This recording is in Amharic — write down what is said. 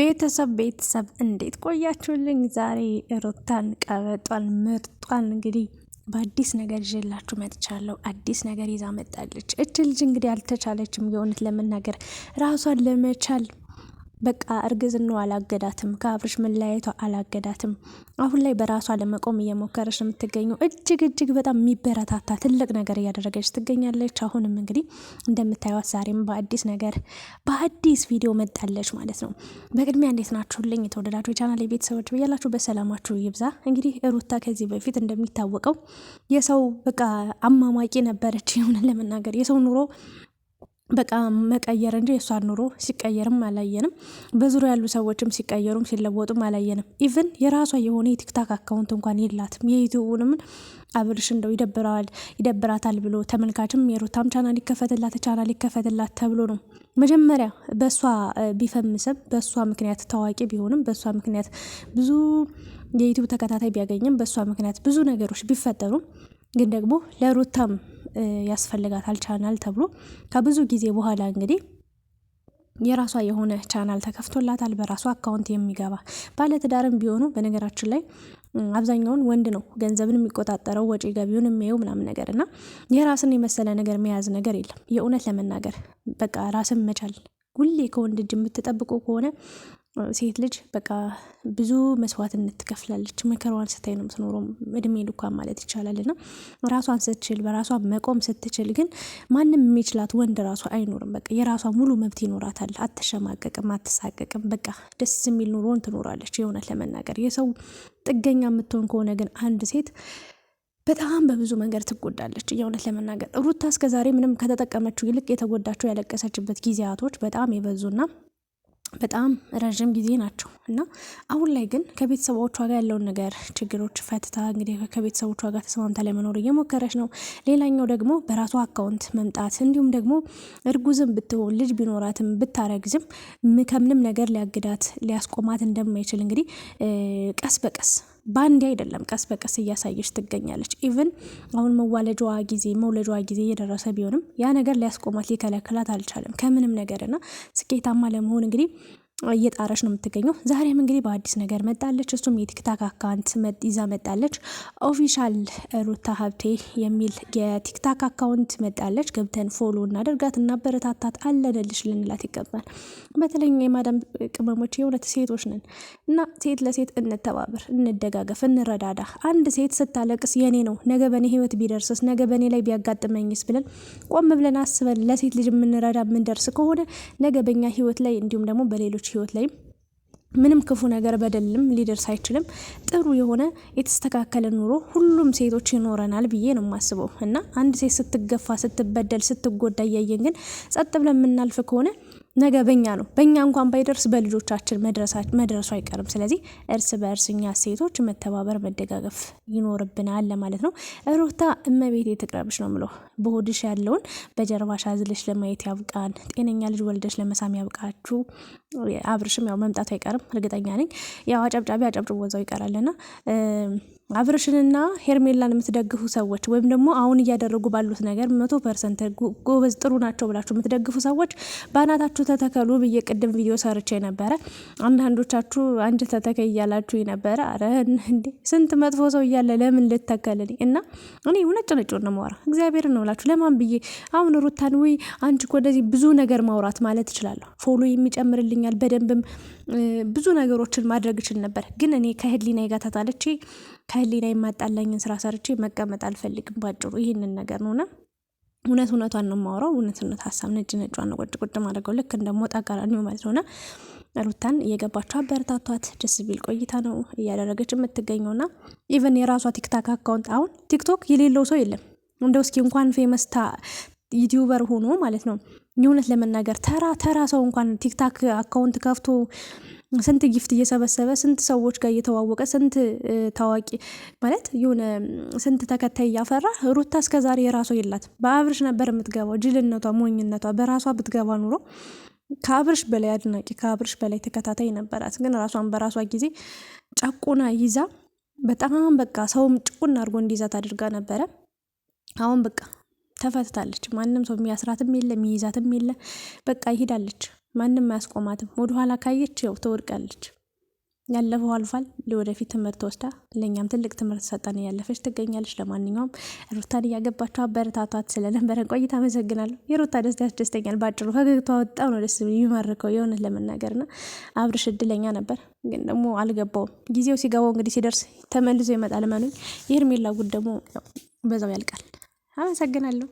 ቤተሰብ ቤተሰብ እንዴት ቆያችሁልኝ? ዛሬ ሩታን ቀበጧን ምርጧን እንግዲህ በአዲስ ነገር ይዤላችሁ መጥቻለሁ። አዲስ ነገር ይዛ መጣለች። እች ልጅ እንግዲህ አልተቻለችም። የእውነት ለመናገር ራሷን ለመቻል በቃ እርግዝናው አላገዳትም፣ ከአብርሽ መለያየቷ አላገዳትም። አሁን ላይ በራሷ ለመቆም እየሞከረች ነው እጅግ እጅግ በጣም የሚበረታታ ትልቅ ነገር እያደረገች ትገኛለች። አሁንም እንግዲህ እንደምታዩት ዛሬም በአዲስ ነገር በአዲስ ቪዲዮ መጣለች ማለት ነው። በቅድሚያ እንዴት ናችሁልኝ የተወደዳችሁ የቻናል ቤተሰቦች ብያላችሁ፣ በሰላማችሁ ይብዛ። እንግዲህ ሩታ ከዚህ በፊት እንደሚታወቀው የሰው በቃ አማማቂ ነበረች። የሆነ ለመናገር የሰው ኑሮ በቃ መቀየር እንጂ የእሷን ኑሮ ሲቀየርም አላየንም። በዙሪያ ያሉ ሰዎችም ሲቀየሩም ሲለወጡም አላየንም። ኢቨን የራሷ የሆነ የቲክታክ አካውንት እንኳን የላትም። የዩቲዩቡንም አብርሽ እንደው ይደብረዋል ይደብራታል ብሎ ተመልካችም የሩታም ቻናል ሊከፈትላት ቻናል ሊከፈትላት ተብሎ ነው መጀመሪያ በእሷ ቢፈምስም በእሷ ምክንያት ታዋቂ ቢሆንም በእሷ ምክንያት ብዙ የዩቲዩብ ተከታታይ ቢያገኝም በእሷ ምክንያት ብዙ ነገሮች ቢፈጠሩም ግን ደግሞ ለሩታም ያስፈልጋታል ቻናል ተብሎ ከብዙ ጊዜ በኋላ እንግዲህ የራሷ የሆነ ቻናል ተከፍቶላታል። በራሷ አካውንት የሚገባ ባለትዳርም ቢሆኑ በነገራችን ላይ አብዛኛውን ወንድ ነው ገንዘብን የሚቆጣጠረው ወጪ ገቢውን የሚየው ምናምን ነገር እና የራስን የመሰለ ነገር መያዝ ነገር የለም። የእውነት ለመናገር በቃ ራስን መቻል ሁሌ ከወንድ እጅ የምትጠብቁ ከሆነ ሴት ልጅ በቃ ብዙ መስዋዕትነት ትከፍላለች። መከራዋን ስታይ ነው የምትኖረው እድሜ ልኳ ማለት ይቻላል። እና ራሷን ስትችል በራሷ መቆም ስትችል ግን ማንም የሚችላት ወንድ ራሷ አይኖርም። በቃ የራሷ ሙሉ መብት ይኖራታል። አትሸማቀቅም፣ አትሳቀቅም። በቃ ደስ የሚል ኑሮን ትኖራለች። የእውነት ለመናገር የሰው ጥገኛ የምትሆን ከሆነ ግን አንድ ሴት በጣም በብዙ መንገድ ትጎዳለች። የእውነት ለመናገር ሩታ እስከዛሬ ምንም ከተጠቀመችው ይልቅ የተጎዳቸው ያለቀሰችበት ጊዜያቶች በጣም የበዙና በጣም ረዥም ጊዜ ናቸው እና አሁን ላይ ግን ከቤተሰቦቿ ጋር ያለውን ነገር ችግሮች ፈትታ እንግዲህ ከቤተሰቦቿ ጋር ተስማምታ ለመኖር እየሞከረች ነው። ሌላኛው ደግሞ በራሷ አካውንት መምጣት እንዲሁም ደግሞ እርጉዝም ብትሆን ልጅ ቢኖራትም ብታረግዝም ከምንም ነገር ሊያግዳት ሊያስቆማት እንደማይችል እንግዲህ ቀስ በቀስ በአንዴ አይደለም፣ ቀስ በቀስ እያሳየች ትገኛለች። ኢቭን አሁን መዋለጃዋ ጊዜ መውለጃዋ ጊዜ እየደረሰ ቢሆንም ያ ነገር ሊያስቆማት ሊከለክላት አልቻለም ከምንም ነገርና ስኬታማ ለመሆን እንግዲህ እየጣረች ነው የምትገኘው። ዛሬም እንግዲህ በአዲስ ነገር መጣለች። እሱም የቲክታክ አካውንት ይዛ መጣለች። ኦፊሻል ሩታ ሀብቴ የሚል የቲክታክ አካውንት መጣለች። ገብተን ፎሎ እናደርጋት፣ እናበረታታት፣ አለንልሽ ልንላት ይገባል። በተለይ የማዳም ቅመሞች የእውነት ሴቶች ነን እና ሴት ለሴት እንተባበር፣ እንደጋገፍ፣ እንረዳዳ። አንድ ሴት ስታለቅስ የኔ ነው ነገ በኔ ህይወት ቢደርስስ ነገ በኔ ላይ ቢያጋጥመኝስ ብለን ቆም ብለን አስበን ለሴት ልጅ የምንረዳ የምንደርስ ከሆነ ነገ በኛ ህይወት ላይ እንዲሁም ደግሞ በሌሎች ህይወት ላይም ምንም ክፉ ነገር በደልም ሊደርስ አይችልም። ጥሩ የሆነ የተስተካከለ ኑሮ ሁሉም ሴቶች ይኖረናል ብዬ ነው የማስበው እና አንድ ሴት ስትገፋ፣ ስትበደል፣ ስትጎዳ እያየን ግን ጸጥ ብለን የምናልፍ ከሆነ ነገ በኛ ነው በእኛ እንኳን ባይደርስ በልጆቻችን መድረሱ አይቀርም። ስለዚህ እርስ በእርስ እኛ ሴቶች መተባበር፣ መደጋገፍ ይኖርብናል ለማለት ነው። ሩታ እመቤቴ ትቅረብሽ ነው የምለው በሆድሽ ያለውን በጀርባሽ አዝለሽ ለማየት ያብቃን። ጤነኛ ልጅ ወልደሽ ለመሳም ያብቃችሁ። አብርሽም ያው መምጣቱ አይቀርም እርግጠኛ ነኝ። ያው አጨብጫቢ አጨብጭቦ ወዛው ይቀራልና አብርሽንና ሄርሜላን የምትደግፉ ሰዎች ወይም ደግሞ አሁን እያደረጉ ባሉት ነገር መቶ ፐርሰንት ጎበዝ ጥሩ ናቸው ብላችሁ የምትደግፉ ሰዎች በአናታችሁ ተተከሉ ብዬ ቅድም ቪዲዮ ሰርቼ ነበረ። አንዳንዶቻችሁ አንድ ተተከ እያላችሁ ነበረ። አረ እንዴ ስንት መጥፎ ሰው እያለ ለምን ልተከልን? እና እኔ ነጭ ነጭ ነው ማወራ እግዚአብሔር ነው ትችላላችሁ። ለማን ብዬ አሁን ሩታን ወይ አንቺ እኮ እንደዚህ ብዙ ነገር ማውራት ማለት እችላለሁ። ፎሎ የሚጨምርልኛል በደንብም ብዙ ነገሮችን ማድረግ እችል ነበር፣ ግን እኔ ከህሊና ጋር ታታልቼ ከህሊና የማጣላኝን ስራ ሰርቼ መቀመጥ አልፈልግም። ባጭሩ ይህንን ነገር ነውና እውነት እውነቷን ነው ማውራው እውነት እውነት ሀሳብ ነጭ ነጯን ነው ቁጭ ቁጭ ማድረገው ልክ እንደሞጣ አጋራኒው ማለት ነውና ሩታን እየገባችሁ አበረታቷት። ደስ ቢል ቆይታ ነው እያደረገች የምትገኘውና ኢቨን የራሷ ቲክታክ አካውንት አሁን ቲክቶክ የሌለው ሰው የለም። እንደው እስኪ እንኳን ፌመስ ዩቲዩበር ሆኖ ማለት ነው የእውነት ለመናገር ተራ ተራ ሰው እንኳን ቲክታክ አካውንት ከፍቶ ስንት ጊፍት እየሰበሰበ ስንት ሰዎች ጋር እየተዋወቀ ስንት ታዋቂ ማለት የሆነ ስንት ተከታይ እያፈራ ሩታ እስከዛሬ የራሷ የላት በአብርሽ ነበር የምትገባው። ጅልነቷ፣ ሞኝነቷ በራሷ ብትገባ ኑሮ ከአብርሽ በላይ አድናቂ ከአብርሽ በላይ ተከታታይ ነበራት። ግን ራሷን በራሷ ጊዜ ጨቁና ይዛ በጣም በቃ ሰውም ጭቁና አድርጎ እንዲይዛት አድርጋ ነበረ። አሁን በቃ ተፈትታለች። ማንም ሰው የሚያስራትም የለ የሚይዛትም የለ። በቃ ይሄዳለች፣ ማንም አያስቆማትም። ወደኋላ ካየች ያው ትወድቃለች። ያለፈው አልፏል። ወደፊት ትምህርት ወስዳ ለእኛም ትልቅ ትምህርት ሰጠን ያለፈች ትገኛለች። ለማንኛውም ሩታን እያገባቸው አበረታቷት። ስለነበረን ቆይታ አመሰግናለሁ። የሩታ ደስታ ያስደስተኛል። በአጭሩ ፈገግቷ ወጣው ነው ደስ የሚማርከው የእውነት ለመናገር እና አብርሽ እድለኛ ነበር፣ ግን ደግሞ አልገባውም። ጊዜው ሲገባው እንግዲህ ሲደርስ ተመልሶ ይመጣል። መኑኝ የሄርሜላ ጉድ ደግሞ በዛው ያልቃል። አመሰግናለሁ።